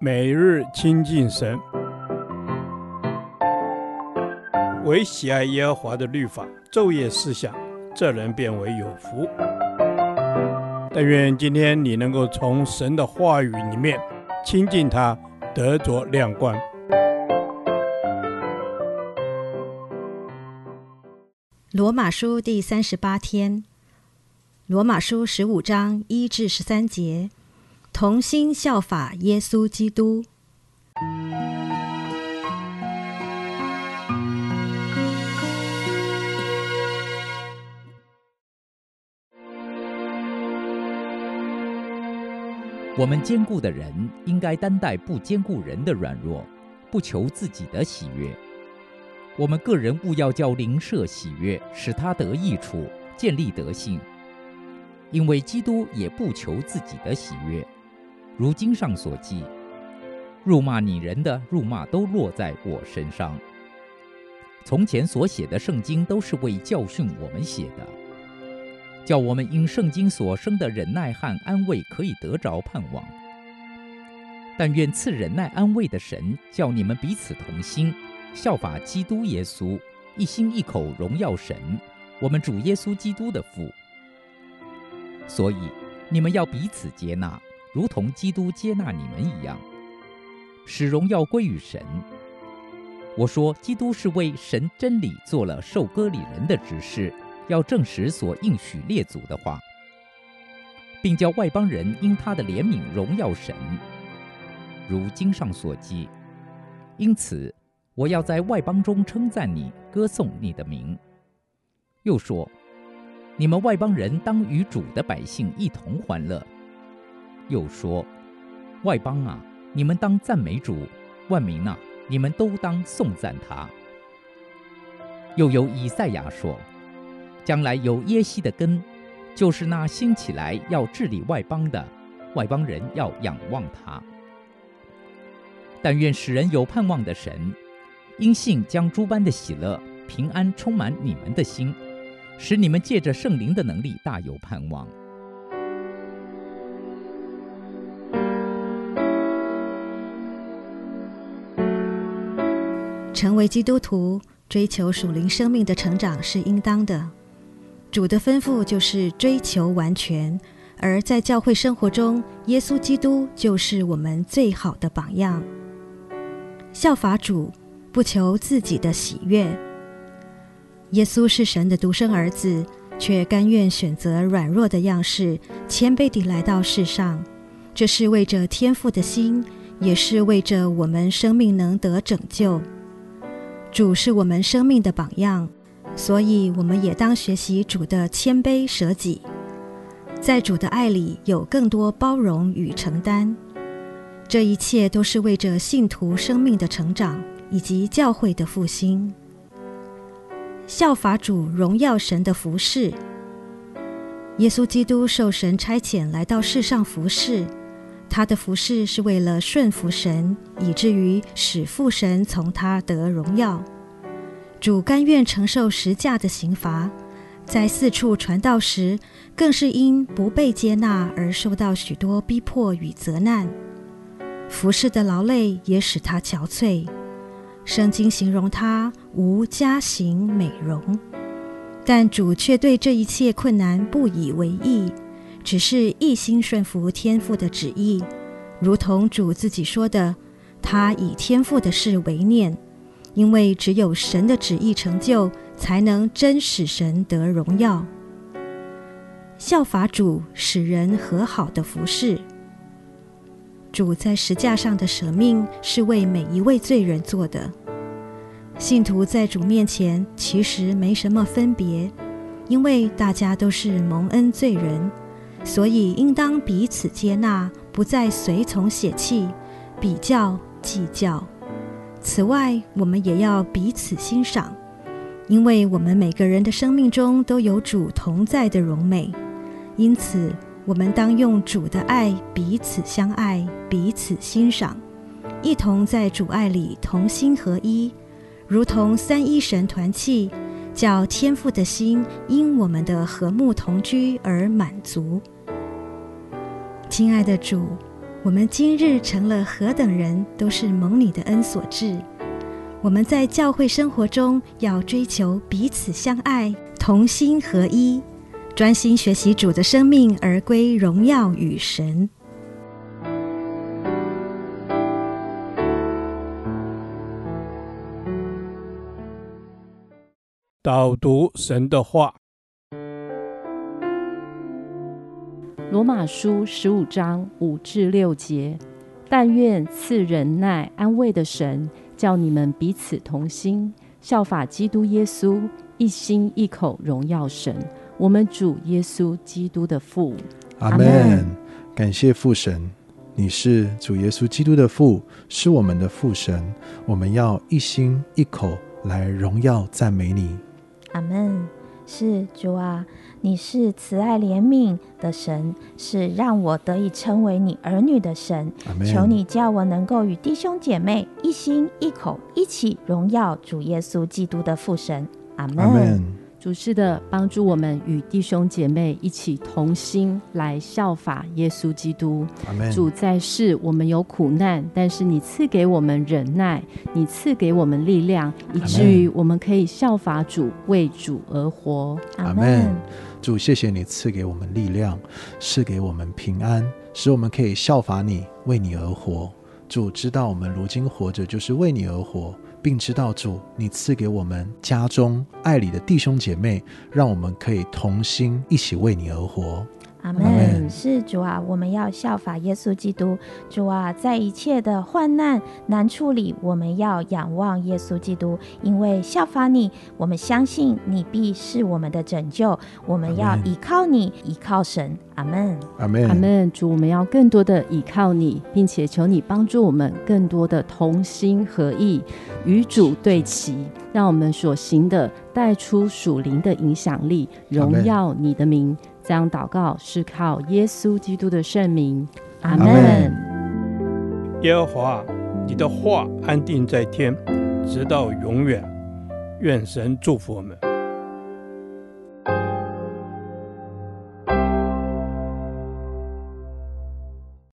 每日親近神，唯喜愛耶和華的律法，晝夜思想，這人便為有福。但願今天你能夠從神的話語裡面親近他，得着亮光。羅馬書第三十八天，羅馬書十五章一至十三節。同心效法耶穌基督。我們堅固的人應該擔待不堅固人的軟弱，不求自己的喜悅。我們各人務要叫鄰舍喜悅，使他得益處，建立德性。因為基督也不求自己的喜悅。如經上所記，辱罵你人的辱罵都落在我身上。從前所寫的聖經都是為教訓我們寫的，叫我們因聖經所生的忍耐和安慰可以得着盼望。但願賜忍耐安慰的神叫你們彼此同心，效法基督耶穌，一心一口榮耀神，我們主耶穌基督的父。所以你們要彼此接納。如同基督接納你們一樣，使榮耀歸於神。我說，基督是為神真理做了受割禮人的執事，要證實所應許列祖的話，並叫外邦人因他的憐憫榮耀神。如經上所記，因此我要在外邦中稱讚你，歌頌你的名。又說，你們外邦人當與主的百姓一同歡樂。又說：“外邦啊，你們當讚美主；萬民啊，你們都當頌讚他。”又有以賽亞說：“將來有耶西的根，就是那興起來要治理外邦的，外邦人要仰望他。但願使人有盼望的神，因信將諸般的喜樂、平安充滿你們的心，使你們借着聖靈的能力大有盼望。”成為基督徒，追求屬靈生命的成長是應當的。主的吩咐就是追求完全，而在教會生活中，耶穌基督就是我們最好的榜樣。效法主，不求自己的喜悅。耶穌是神的獨生兒子，卻甘願選擇軟弱的樣式，謙卑地來到世上。這是為着天父的心，也是為着我們生命能得拯救。主是我們生命的榜樣，所以我們也當學習主的謙卑捨己，在主的愛裡有更多包容與承擔。這一切都是為着信徒生命的成長以及教會的復興。效法主榮耀神的服侍，耶穌基督受神差遣來到世上服侍。他的服事是為了順服神，以至於使父神從他得榮耀。主甘願承受十架的刑罰，在四處傳道時，更是因不被接納而受到許多逼迫與責難。服事的勞累也使他憔悴。聖經形容他無佳形美容，但主卻對這一切困難不以為意。只是一心順服天父的旨意，如同主自己說的：“他以天父的事為念，因為只有神的旨意成就，才能真使神得榮耀。”效法主使人和好的服侍，主在十架上的捨命是為每一位罪人做的。信徒在主面前其實沒什麼分別，因為大家都是蒙恩罪人。所以，應當彼此接納，不再隨從血氣、比較、計較。此外，我們也要彼此欣賞，因為我們每個人的生命中都有主同在的榮美。因此，我們當用主的愛彼此相愛、彼此欣賞，一同在主愛裡同心合一，如同三一神團契，叫天父的心因我們的和睦同居而滿足。親愛的主，我們今日成了何等人，都是蒙你的恩所致。我們在教會生活中要追求彼此相愛，同心合一，專心學習主的生命，而歸榮耀與神。導讀神的話。羅馬書十五章五至六節，但願賜忍耐、安慰的神，叫你們彼此同心，效法基督耶穌，一心一口榮耀神。我們主耶穌基督的父，阿門。感謝父神，你是主耶穌基督的父，是我們的父神。我們要一心一口來榮耀讚美你，阿門。是，主啊，你是慈愛憐憫的神，是讓我得以稱為你兒女的神。Amen 求你叫我能夠與弟兄姐妹一心一口，一起榮耀主耶穌基督的父神。阿門。主是的，幫助我們與弟兄姐妹一起同心來效法耶穌基督。Amen 主在世，我們有苦難，但是你賜給我們忍耐，你賜給我們力量，以至於我們可以效法主，為主而活。阿們。Amen Amen 主，謝謝你賜給我們力量，賜給我們平安，使我們可以效法你，為你而活。主知道我們如今活着就是為你而活，並知道主，你賜給我們家中愛裡的弟兄姐妹，讓我們可以同心一起為你而活。阿門，Amen Amen 是主啊！我們要效法耶穌基督。主啊，在一切的患難難處裡，我們要仰望耶穌基督，因為效法你，我們相信你必是我們的拯救。我們要依靠你，Amen 依靠神。阿門，阿門 Amen，阿門 Amen。主，我們要更多的依靠你，並且求你幫助我們更多的同心合意與主對齊，讓我們所行的帶出屬靈的影響力，榮耀你的名。這樣禱告是靠耶穌基督的聖名，Amen、阿們。耶和華，你的話安定在天，直到永遠。願神祝福我們。